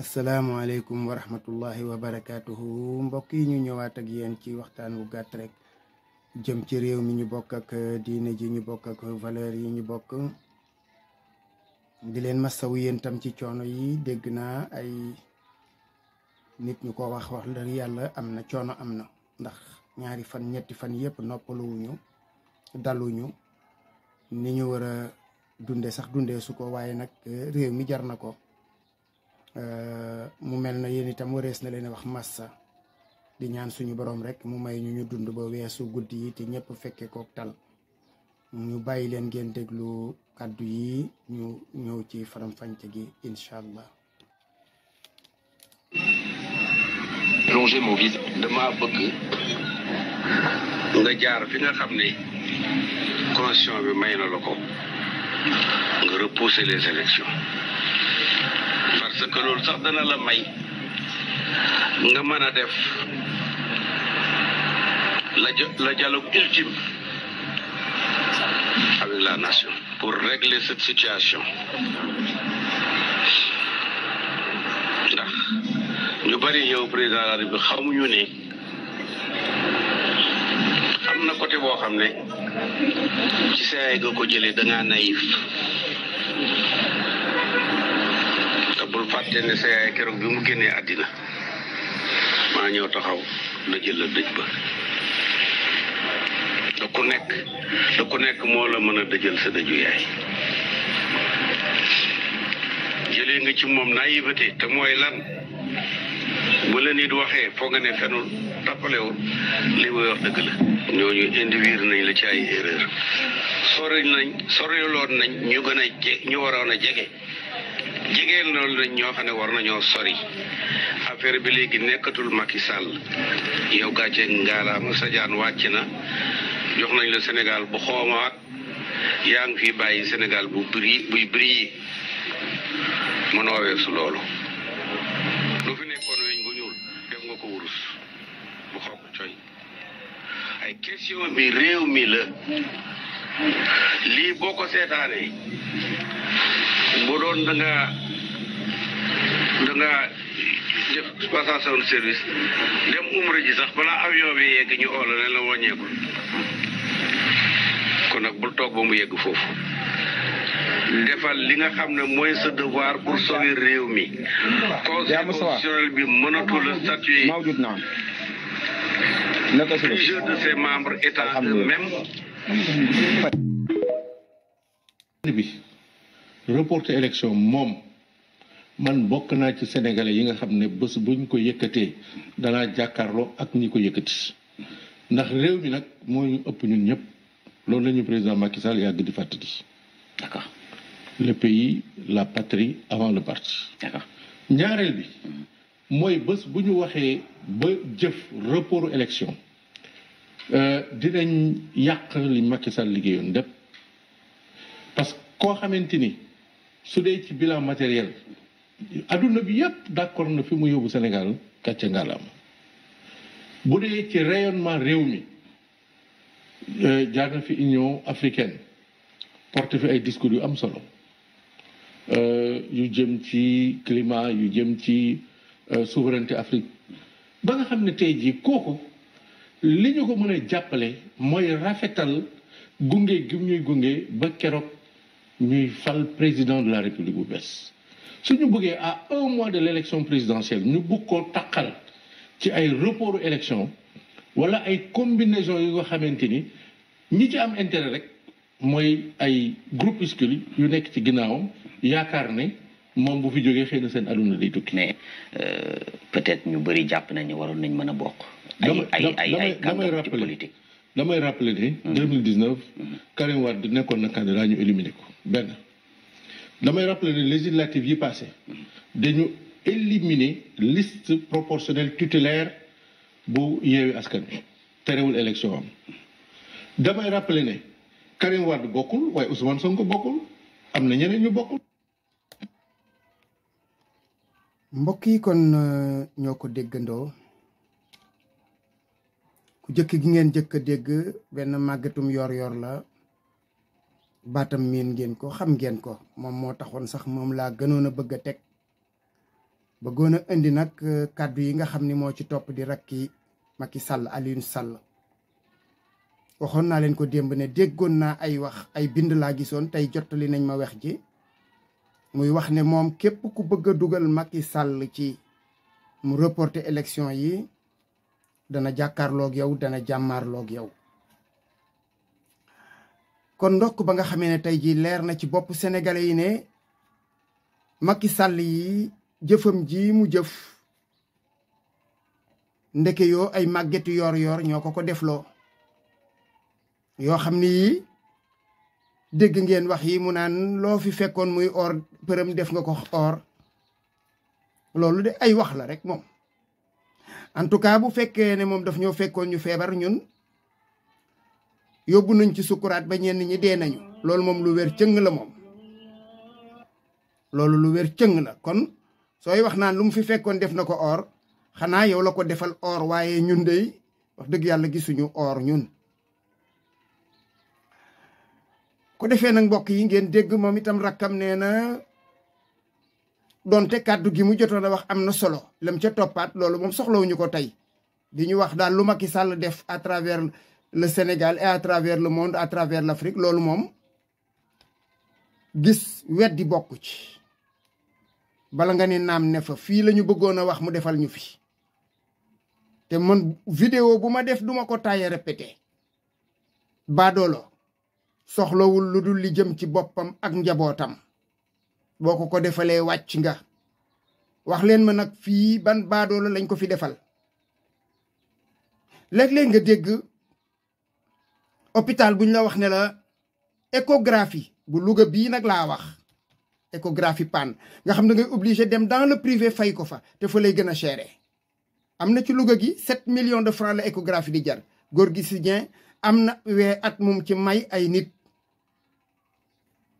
asalaamualeykum wa rahmatullahi wa barakaatuhu mbokk yi ñu ñëwaat ak yéen ci waxtaan wu gàtt rek jëm ci réew mi ñu bokk ak euh, diine ji ñu bokk ak valeur yi ñu bokk di leen masawu yéen tam ci coono yi dégg naa ay nit ñu ko wax wax dëgg yàlla am na coono am na ndax ñaari fan ñetti fan yëpp noppaluwuñu daluñu ni ñu war a dunde sax dunde su ko waaye nag euh, réew mi jar na ko Euh, mu mel na yéen itam warees na leen wax massa di ñaan suñu borom rek mu may ñu ñu dund ba weesu guddi yi te ñëpp fekke kook tal ñu bàyyi leen ngeen déglu àddu yi ñu ñëw ci faram-fàcce gi incha allah. dama bëgg nga jaar fi nga xam ne constitution bi may na la nga repousser les élections. parce que loolu sax dana la may nga mën a def la la dialogue ultime avec la nation pour régler cette situation ndax ñu bari yow président la République xamuñu ne am na côté boo xam ne ci saay nga ko jëlee da ngaa naïf ne sa yaay keroog bi mu génnee àddina maa ñëw taxaw la jël la dëj ba da ku nekk da ku nekk moo la mën a dëjal sa dëju yaay jëlee nga ci moom naïveté te mooy lan bu la nit waxee foo nga ne fenul tappalewul li wax dëgg la ñooñu indiviir nañ la ci ay erreur sori nañ soriloon nañ ñu gën a jege jege loolu nañ ñoo xam ne war nañoo sori affaire bi léegi nekkatul Macky sàll yow gàcce ngaalaama sa wàcc na jox nañ la Sénégal bu xoomaat yaa ngi fi bàyyi Sénégal bu bri buy bri mënoo weesu loolu lu fi nekkoon weñ bu ñuul def nga coy ay question bi réew mi la lii boo ko seetaanee bu doon da nga da nga def passation de service dem umra sax balaa avion yegg ñu oola ne la wàññeeku kon nag bul toog ba mu yegg foofu defal li nga xam ne mooy sa devoir pour sauver réew mi conseil constitutionnel bi mënatu la statuer plusieurs de ses membres étant eux-mêmes reporter élection moom man bokk naa ci sénégalais yi nga xam ne bés buñ ko yëkkatee danaa jàkkaarloo ak ñi ko yëkkati ndax réew mi nag mooy ñu ëpp ñun ñëpp loolu la ñu président Macky Sall yàgg di fàttali. d'accord le pays la patrie avant le parti. ñaareel bi mooy bës bu ñu waxee ba jëf report élection euh, dinañ yàq li Macky Sall liggéeyoon lépp parce koo xamante ni. su dee ci bilan matériel adduna bi yépp d'accord na fi mu yóbbu senegal gàcce ngalaam bu dee ci rayonnement réew mi euh, jaar fi Union africaine porte fi ay discours yu am solo euh, yu jëm ci climat yu jëm ci euh, souveraineté Afrique ba nga xam ne tey jii kooku li ñu ko mën a jàppale mooy rafetal gunge gi ñuy gunge ba keroog ñuy fal président de la république bu bees su ñu bëggee à un mois de l' élection présidentielle ñu bëgg koo taqal ci ay report élection wala ay combinaison yu nga xamante ni ñi ci am intérêt rek mooy ay groupuscule yu nekk ci ginnaawam yaakaar ni moom bu fi jógee xëy na seen aduna day tukki. mais euh, peut-être ñu bëri jàpp nañu waroon nañ mën a bokk. ay ay ay ay kàngam ci damay rappeler ni. 2019 mhm. mhm. Karim Wade nekkoon na candidat ñu éliminé ko benn. damay rappeler ni législative yi passé mhm. dañu éliminer liste proportionnelle tutélaire bu yeewi askan bi terewul élection am damay rappeler ne Karim bokkul waaye Ousmane ko bokkul am na ñeneen ñu bokkul. mbokk yi kon euh, ñoo ko déggandoo. jëkk gi ngeen jëkk a dégg benn màggetum yoor yor la baatam miin ngeen ko xam ngeen ko moom moo taxoon sax moom laa gënoon a bëgg a teg bëggoon a indi nag euh, kàddu yi nga xam ni moo ci topp di rakki Macky sàll Alioune Sall waxoon naa leen ko démb ne déggoon naa ay wax ay bind laa gisoon tey jottali nañ ma weex ji muy wax ne moom képp ku bëgg a dugal Macky Sall ci mu reporter élection yi dana jàkkaarloog yow dana jàmmaarloog yow kon ndokk ba nga xamee ne tey jii leer na ci bopp sénégalais yi ne Macky Sall yi jëfam ji mu jëf ndeke yoo ay màggetu yor yor ñoo ko ko defloo yoo xam ni yii dégg ngeen wax yi mu naan loo fi fekkoon muy or përëm def nga ko or loolu de ay wax la rek moom en tout cas bu fekkee ne moom daf ñoo fekkoon ñu feebar ñun yóbbu nañ ci sukkuraat ba ñenn ñi dee nañu loolu moom lu wér cëng la moom loolu lu wér cëng la kon sooy wax naan lu mu fi fekkoon def na ko or xanaa yow la ko defal or waaye ñun dey wax dëgg yàlla gisuñu or ñun ko defee nag mbokk yi ngeen dégg moom itam rakkam nee na donte kàddu gi mu jotoon a wax am na solo lam ca toppaat loolu moom soxlawuñu ko tey di ñu wax daal lu ma Macky Sall def à travers le Sénégal et à travers le monde à travers l'Afrique loolu moom gis weddi bokku ci bala nga ne naam ne fa fii la ñu bëggoon a wax mu defal ñu fi te man vidéo bu ma def duma ko taaye répété baadoolo soxlawul lu dul li jëm ci boppam ak njabootam boo ko ko defalee wàcc nga wax leen ma nag fii ban baadoolo lañ ko fi defal léeg-léeg nga dégg bu buñ la wax ne la échographie bu Louga bii nag laa wax échographie panne nga xam ne ngay obligé dem dans le privé fay ko fa te fa lay gën a chéré am na ci Louga gi 7 million de francs la échographie di jar góor gi si am na wee at moom ci may ay nit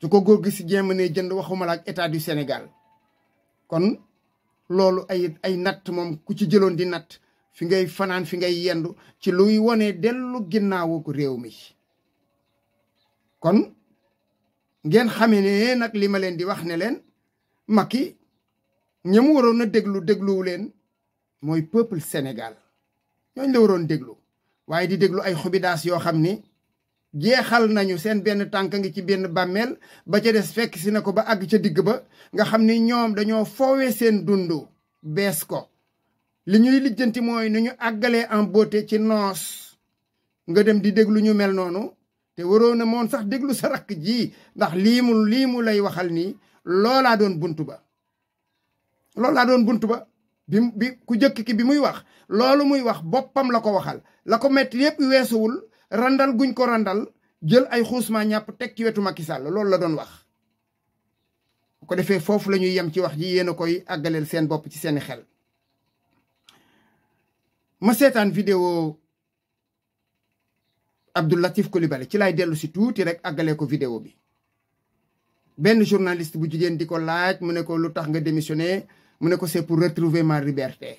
su ko góor gi si jéem ne jënd waxuma la état du senegal kon loolu ay ay natt moom ku ci jëloon di natt fi ngay fanaan fi ngay yendu ci luy wone dellu ginnaawu réew mi kon ngeen xame ne nag li ma leen di wax ne leen Macky ñamu waroon a déglu dégluwu leen mooy peuple senegal ñooñ la waroon déglu waaye di déglu ay xubidaas yoo xam ni jeexal nañu seen benn tànk ngi ci benn bàmmeel ba ca des fekk si na ko ba àgg ca digg ba nga xam ni ñoom dañoo foowee seen dund bees ko li ñuy lijjanti mooy nu ñu àggalee en beauté ci noos nga dem di déglu ñu mel noonu te waroon na moon sax déglu sa rakk ji ndax lii mu lii mu lay waxal nii loolaa doon buntu ba loolaa doon buntu ba bi bi ku jëkk ki bi muy wax loolu muy wax boppam la ko waxal la ko metti yépp weesuwul randal guñ ko randal jël ay xuusmaa ñàpp teg ci wetu Macky Sall loolu la doon wax ko defee foofu la ñuy yem ci wax ji yéen a koy àggaleel seen bopp ci seeni xel ma seetaan vidéo Abdou Latif Coulibaly ci laay dellu si tuuti rek àggalee ko vidéo bi benn journaliste bu jigéen di ko laaj mu ne ko lu tax nga démissionné mu ne ko c'est pour retrouver ma liberté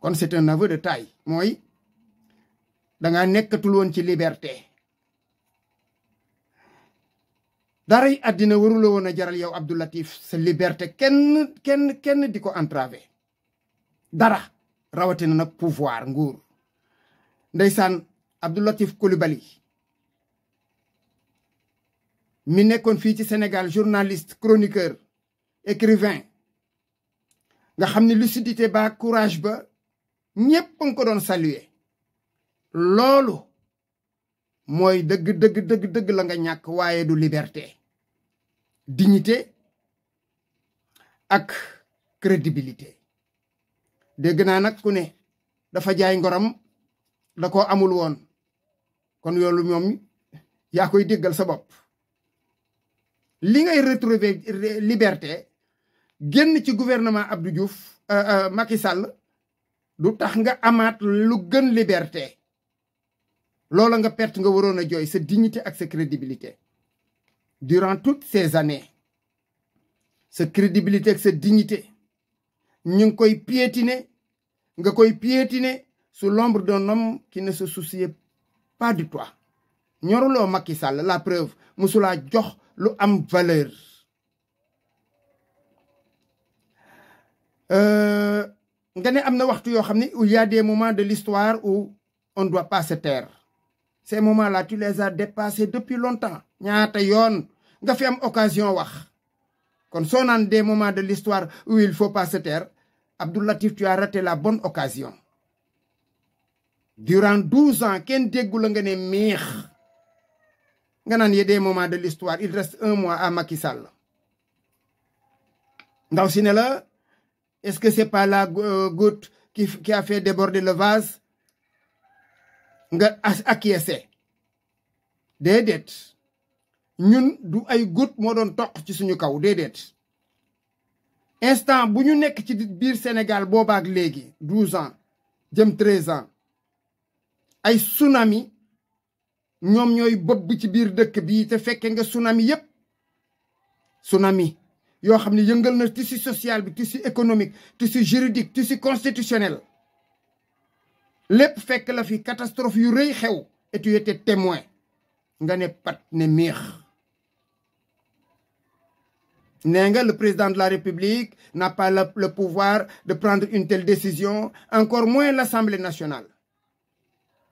kon c'est un aveu de taille mooy danga nekkatul woon ci liberté daray àddina warula woon a jaral yow Abdou Latif sa liberté kenn kenn kenn di ko entravé dara rawatina na pouvoir nguur ndeysaan Abdou Latif Coulibaly mi nekkoon fii ci Sénégal journaliste chroniqueur écrivain nga xam ne lucidité ba courage ba ñépp nga ko doon saluer loolu mooy dëgg dëgg dëgg dëgg la nga ñàkk waaye du liberté dignité ak crédibilité dégg naa nag ku ne dafa jaay ngoram da ko amul woon kon yoolu moom yaa koy déggal sa bopp li ngay retrouver liberté génn ci gouvernement Abdou Diouf euh, euh, Macky Sall du tax nga amaat lu gën liberté loola nga perte nga waroon a jooy sa dignité ak sa crédibilité durant tout ces année sa crédibilité ak sa dignité ñu ngi koy piétiner nga koy piétiner sous l'ombre d'un homme qui ne se souciait pas de toi ñoruloo Macky Sall la preuve mosulaa jox lu am valeur euh, nga ne am na waxtu yoo xam ne il y des moments de l'histoire où on ne doit pas se ces moment là tu les as dépassés depuis longtemps ñaata yoon nga fi am occasion wax kon soo naan des moments de l'histoire où il faut pas se taire Abdou Latif tu as raté la bonne occasion durant douze ans kenn déggu la nga ne miix nga naan ye des moments de l'histoire il reste un mois à Macky Sall ndaw si ne la est-ce que c'est pas la euh, goutte qui qui a fait déborder le vase nga acquiescer déedéet ñun du ay goutte moo doon toq ci suñu kaw déedéet instant bu ñu nekk ci biir Sénégal boobaak léegi douze ans jëm treize ay tsunami ñoom ñooy bëbb ci biir dëkk bi te fekke nga sunami yépp tsunami yoo xam ne yëngal na si social bi si économique tissu juridique si constitutionnel lépp fekk la fi catastrophe yu rëy xew et tu nga ne ne miix nee nga le président de la république n'a pas le pouvoir de prendre une telle décision encore moins l'assemblée nationale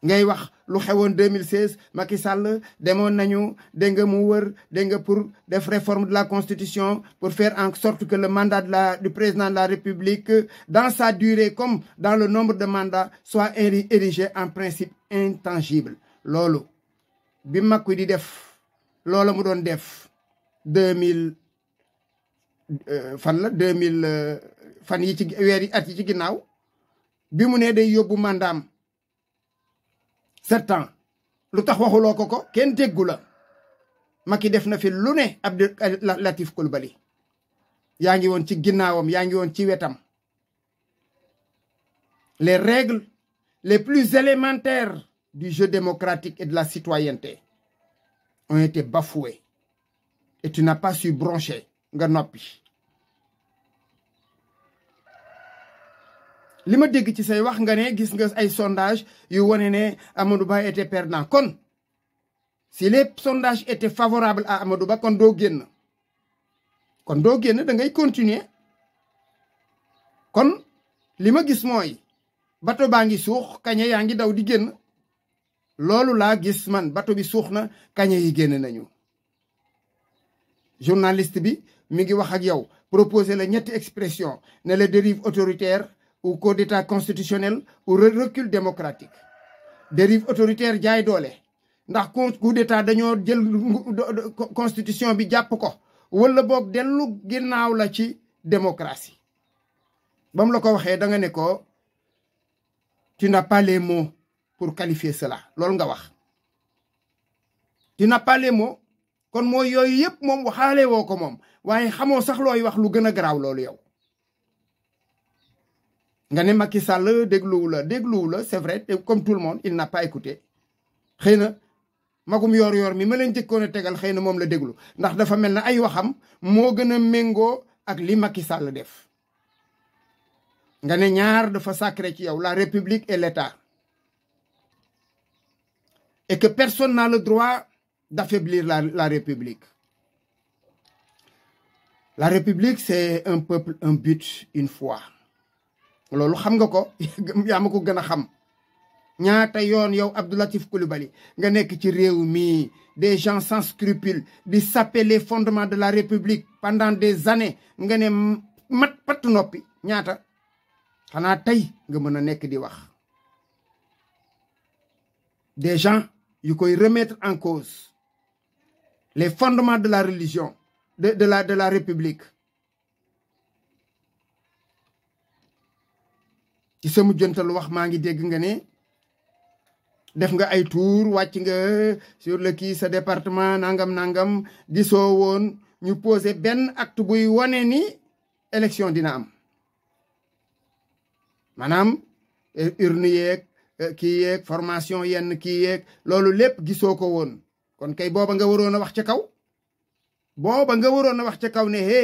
ngay wax lu xewoon 2016 Macky Sall demoon nañu dégg nga mu wër dégg nga pour def réforme de la constitution pour faire en sorte que le mandat de la du président de la République dans sa durer comme dans le nombre de mandats soit érigé en principe intangible loolu bi Macky di def loolu mu doon def 2000 euh, fan la 2000 euh, fan yi ci weer yi at yi ci ginnaaw bi mu ne day yóbbu mandam sept ans lu tax waxuloo ko ko kenn déggu la Macky def na fi lu ne Abdou Latif Coulibaly yaa ngi woon ci ginnaawam yaa ngi woon ci wetam les règles les plus élémentaires du jeu démocratique et de la citoyenneté ont été bafouées et tu n'as pas su nga noppi li ma dégg ci say wax nga ne gis nga ay sondage yu wane ne Amadou Ba était perdant kon si les sondages étaient favorable à Amadou Ba kon doo génn kon doo génn da ngay continuer kon li ma gis mooy bato baa ngi suux kañe yaa ngi daw di génn loolu laa gis man bato bi suux na kañe yi génn nañu journaliste bi mi ngi wax ak yow proposé la ñetti expression ne la dérive autoritaire ou coup d'état constitutionnel ou recul démocratique dérive autoritaire jaay doole ndax coup dañoo jël constitution bi jàpp ko wala boog dellu ginnaaw la ci démocratie ba mu la ko waxee da nga ne ko tu n'as pour qualifier cela loolu nga wax tu n'as pas kon mooy yooyu yëpp moom waxaale woo ko moom waaye xamoo sax looy wax lu gën a garaaw loolu yow nga ne Macky Sall dégluwu la dégluwu la c'est vrai comme tout le monde il n'a pas xëy na magum yor-yor mi ma leen jëkkoon a tegal xëy na moom la déglu ndax dafa mel na ay waxam moo gën a méngoo ak li Macky Sall def. nga ne ñaar dafa sacré ci yow la république et l'État et que personne n'a le droit d'affaiblir la la république. La république c'est un peuple un but une fois loolu xam nga ko yaa ma ko gën a xam ñaata yoon yow Abdou Latif bali nga nekk ci réew mi des gens sans scrupules di saper les fondement de la République pendant des années nga ne mat pat noppi ñaata xanaa tey nga mën a nekk di wax des gens yu koy remettre en cause les fondement de la religion de de la de la République ci sama jëntal wax maa ngi dégg nga ne def nga ay tour wàcc nga sur le kii sa département nangam nangam gisoo woon ñu posé benn acte buy wane ni élection dina am maanaam eh, urne yeeg eh, kii yeeg formation yenn kii yeeg loolu lépp gisoo ko woon kon kay booba nga waroon a wax ca kaw booba nga waroon a wax ca kaw ne hé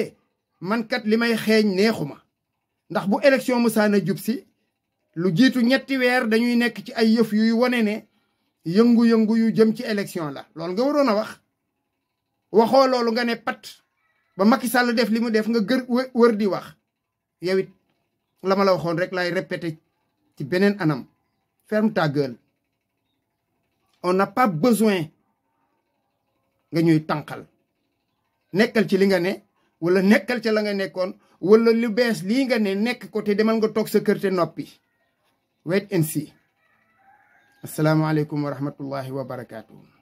man kat li may xeeñ neexuma ndax bu élection musaana jub si lu jiitu ñetti weer dañuy nekk ci ay yëf yuy wane ne yëngu-yëngu yu jëm ci élection la loolu nga waroon a wax waxoo loolu nga ne pat ba Macky Sall def li mu def nga gër wër di wax yow it la ma la waxoon rek lay répété ci beneen anam ferme ta gueule on n'a pas nga ñuy tànqal nekkal ci li nga ne wala nekkal ca la nga nekkoon wala lu bees lii nga ne nekk ko te demal nga toog sa kër te noppi wait and see asalaamaaleykum wa rahmatullahi wa barakaatu.